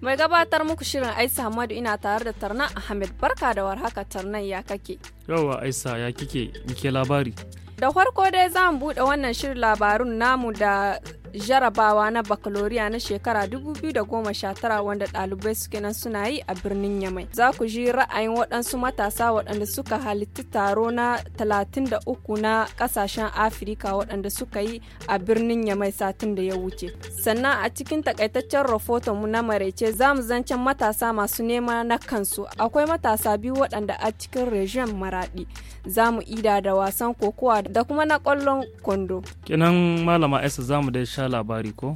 Mai gabatar muku shirin Aisa Hamadu ina tare da Tarna Ahmed barka da warhaka Tarnan ya kake. Yawa Aisa ya kike muke labari. Da farko dai za mu buɗe wannan shirin labarun namu da jarabawa na bakaloriya na shekara 2019 wanda ɗalibai suke nan suna yi a birnin Yamai. Za ku ji ra'ayin waɗansu matasa waɗanda suka halitta taro na 33 na ƙasashen Afirka waɗanda suka yi a birnin Yamai satin da ya wuce. Sannan a cikin takaitaccen rahoton mu na maraice za mu zancen matasa masu nema na kansu. Akwai matasa biyu waɗanda a cikin rejim maraɗi. Za mu ida da wasan kokowa da kuma na kwallon kwando. Kenan malama Aisa za mu dai sha labari ko?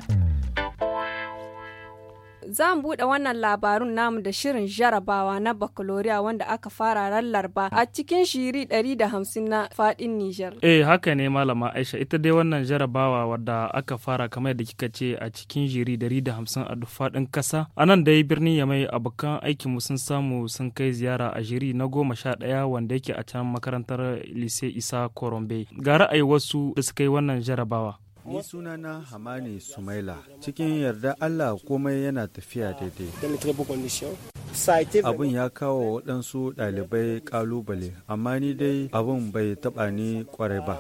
za mu buɗe wannan labarun namu da shirin jarabawa na bakaloriya wanda aka fara ran larba a cikin shiri 150 na fadin Nijar. Eh haka ne malama Aisha ita dai wannan jarabawa wadda aka fara kamar da kika ce a cikin shiri 150 a duk fadin kasa. A nan dai birnin mai abokan aikin mu sun samu sun kai ziyara a shiri na goma sha ɗaya wanda yake a can makarantar Lise Isa Korombe. Ga ra'ayi wasu da suka yi wannan jarabawa. Ni sunana Hamani Sumaila. Cikin yarda Allah komai yana tafiya daidai. Abin ya kawo waɗansu ɗalibai ƙalubale, amma ni dai abin bai taɓa ni ƙwarai ba.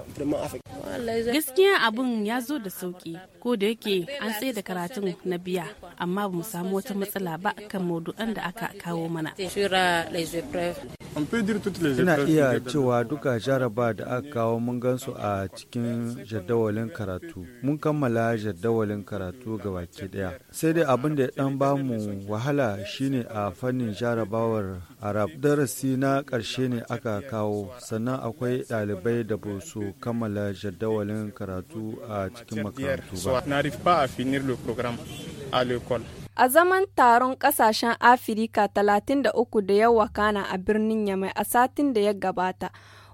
Gaskiya abin ya zo da sauƙi, ko da yake an tsaye da karatun na biya, amma ba mu samu wata matsala ba kan maudu'an da aka kawo mana. ina iya cewa duka jaraba da aka kawo mun gansu a cikin jadawalin karatu mun kammala jadawalin karatu ga baki daya sai dai abin da ya dan bamu wahala shine a fannin jarabawar arab darasi na karshe ne aka kawo sannan akwai dalibai da ba su kammala jadawalin karatu a cikin makarantu ba A zaman taron ƙasashen Afirka 33 da ya wakana a birnin Yamai a satin da ya gabata,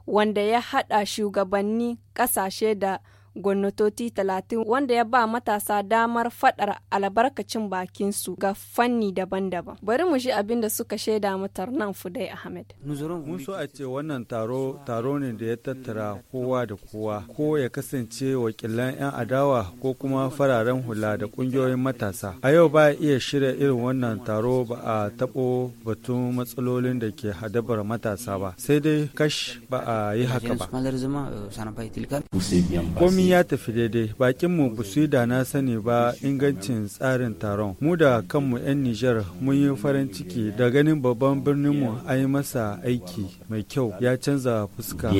wanda ya haɗa shugabannin kasashe da gwamnatoci talatin wanda ya ba matasa damar fadar albarkacin bakinsu ga fanni daban-daban. Bari mu ji abin da suka shaida matar nan Fudai Ahmed. Mun so a ce wannan taro taro ne da ya tattara kowa da kowa ko ya kasance wakilan 'yan adawa ko kuma fararen hula da kungiyoyin matasa. A yau ba iya shirya irin wannan taro ba a tabo batun matsalolin da ke hadabar matasa ba. Sai dai kash ba a yi haka ba. Komi ya tafi daidai, bakin mu ba su da na sani ba ingancin tsarin taron. Mu da kanmu 'yan Nijar mun yi farin ciki da ganin babban birnin mu an yi masa aiki mai kyau ya canza fuska.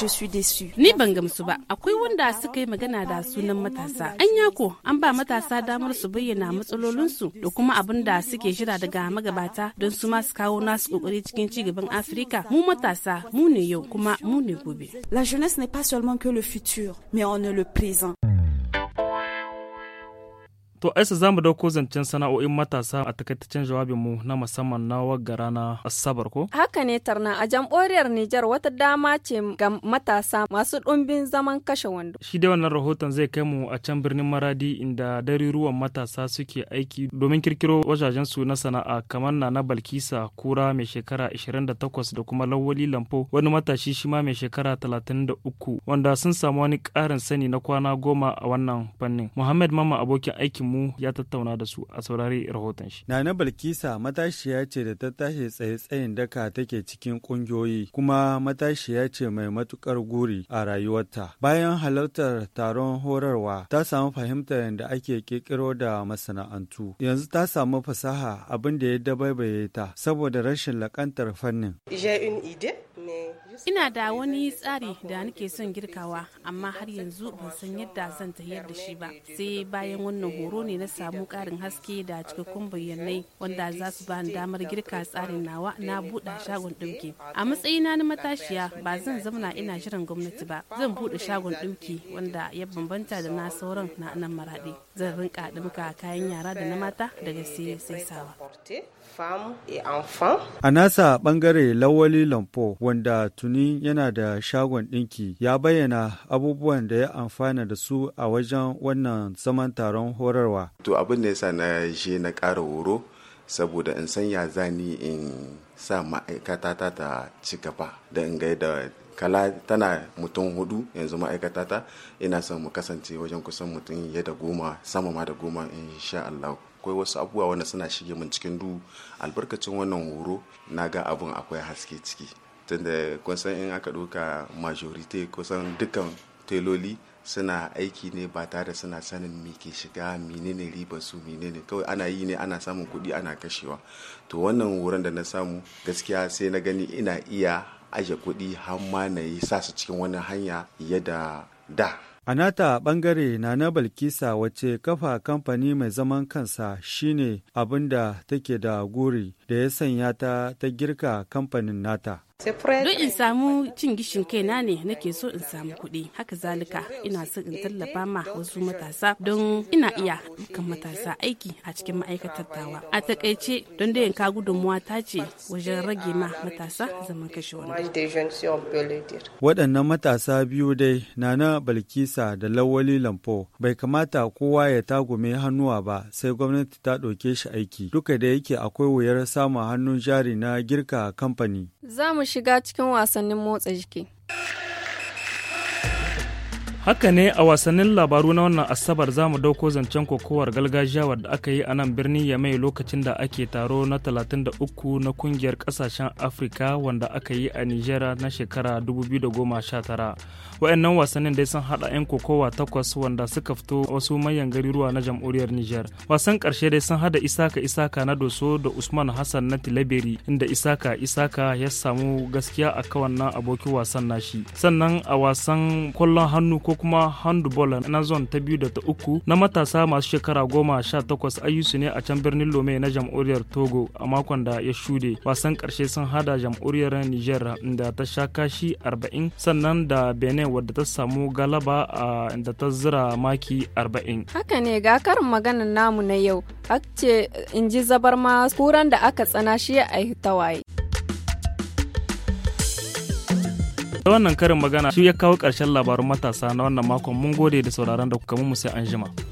je suis Ni ban gamsu ba, akwai wanda suka yi magana da sunan matasa. An ya ko an ba matasa damar su bayyana matsalolin su da kuma abin da suke jira daga magabata don su ma su kawo nasu kokari cikin ci gaban Afirka. Mu matasa, mu ne yau kuma mu ne gobe. La jeunesse n'est pas seulement que le futur, mais on est le présent. To aisa za mu dauko zancen sana'o'in matasa a takaitaccen mu na musamman na wagga rana Asabar ko? Haka ne tarna a jamboriyar Nijar wata dama ce ga matasa masu ɗumbin zaman kashe wando. Shi dai wannan rahoton zai kai mu a can birnin Maradi inda ruwan matasa suke aiki domin kirkiro wajajen su na sana'a kamar na na Balkisa Kura mai shekara 28 da kuma Lawali Lampo wani matashi shi ma mai shekara 33 wanda sun samu wani ƙarin sani na kwana goma a wannan fannin. Muhammad Mama abokin aikin mu. Adamu ya tattauna da su a saurari rahoton shi. Nana Balkisa matashiya ce da ta tashi tsaye-tsayin daka take cikin kungiyoyi kuma matashiya ce mai matukar guri a rayuwarta. Bayan halartar taron horarwa ta samu fahimtar yadda ake kirkiro da masana'antu. Yanzu ta samu fasaha abin da ya dabaibaye ta saboda rashin lakantar fannin. Ina da wani tsari da nake son girkawa amma har yanzu ban san yadda zan tafiyar da shi ba. Sai bayan wannan horo ne na samu karin haske da cikakkun bayanai wanda za su bani damar girka tsarin nawa na buɗe shagon ɗauki A matsayina na matashiya ba zan zamana ina shirin gwamnati ba. Zan buɗe shagon ɗauki wanda ya bambanta da na sauran na nan maraɗi. Zan rinka a kayan yara da na mata daga sai sai sawa. A nasa bangare Lawali Lampo wanda tuni yana da shagon ɗinki ya bayyana abubuwan da ya amfana da su a wajen wannan zaman taron horarwa. To abin da yasa na je na ƙara horo saboda in sanya zani in sa ma'aikata ta ci gaba da in ga da kala tana mutum hudu yanzu ma'aikata ta ina son mu kasance wajen kusan mutum ya da goma sama ma da goma insha Allah. akwai wasu abubuwa wanda suna shige min cikin duhu albarkacin wannan horo na ga abun akwai haske ciki tunda kusan in aka ɗauka majority kusan dukkan teloli suna aiki ne ba tare suna sanin me ke shiga menene riba su menene kawai ana yi ne ana samun kuɗi ana kashewa to wannan wurin da na samu gaskiya sai na gani ina iya aje kuɗi har ma na yi sa su cikin wani hanya yadda da. A nata ɓangare na na Balkisa wace kafa kamfani mai zaman kansa shine abin da take da guri da ya sanya ta ta girka kamfanin nata. Don in samu cin gishin kai na ne nake so in samu kuɗi. Haka zalika ina so in tallafa ma wasu matasa don ina iya dukkan matasa aiki a cikin ma'aikatar tawa. A takaice don da yanka gudunmuwa ta ce wajen rage ma matasa zaman kashe wani. Waɗannan matasa biyu dai na na Balkisa da Lawali Lampo bai kamata kowa ya tagume hannuwa ba sai gwamnati ta ɗauke shi aiki duka da yake akwai wuyar samun hannun jari na girka kamfani. Za mu shiga cikin wasannin motsa jiki. Haka ne a wasannin labaru na wannan Asabar za mu dauko zancen kokowar galgajiya da aka yi a nan birnin ya Yamai lokacin da ake taro na 33 na kungiyar kasashen Afirka wanda aka yi a nigeria na shekara 2019. Wa'annan wasannin dai sun hada 'yan kokowa takwas wanda suka fito wasu manyan garuruwa na jamhuriyar niger Wasan karshe dai sun hada Isaka Isaka na Doso da Usman Hassan na Tilaberi inda Isaka Isaka ya samu gaskiya a kawannan abokin wasan nashi. Sannan a wasan kwallon hannu ko kuma handball na zone ta biyu da ta uku na matasa masu shekara goma sha takwas ayyusu ne a can birnin lome na jamhuriyar togo a makon da ya shude wasan karshe sun hada jamhuriyar niger da ta sha kashi arba'in sannan da benin wadda ta samu galaba a da ta zira maki arba'in. haka ne ga karin maganar namu na yau ce in ji zabar ma kuran da aka tsana shi a waye. Da wannan karin magana su ya kawo ƙarshen labarun matasa na wannan makon mun gode da sauraron da kuka mu sai an jima.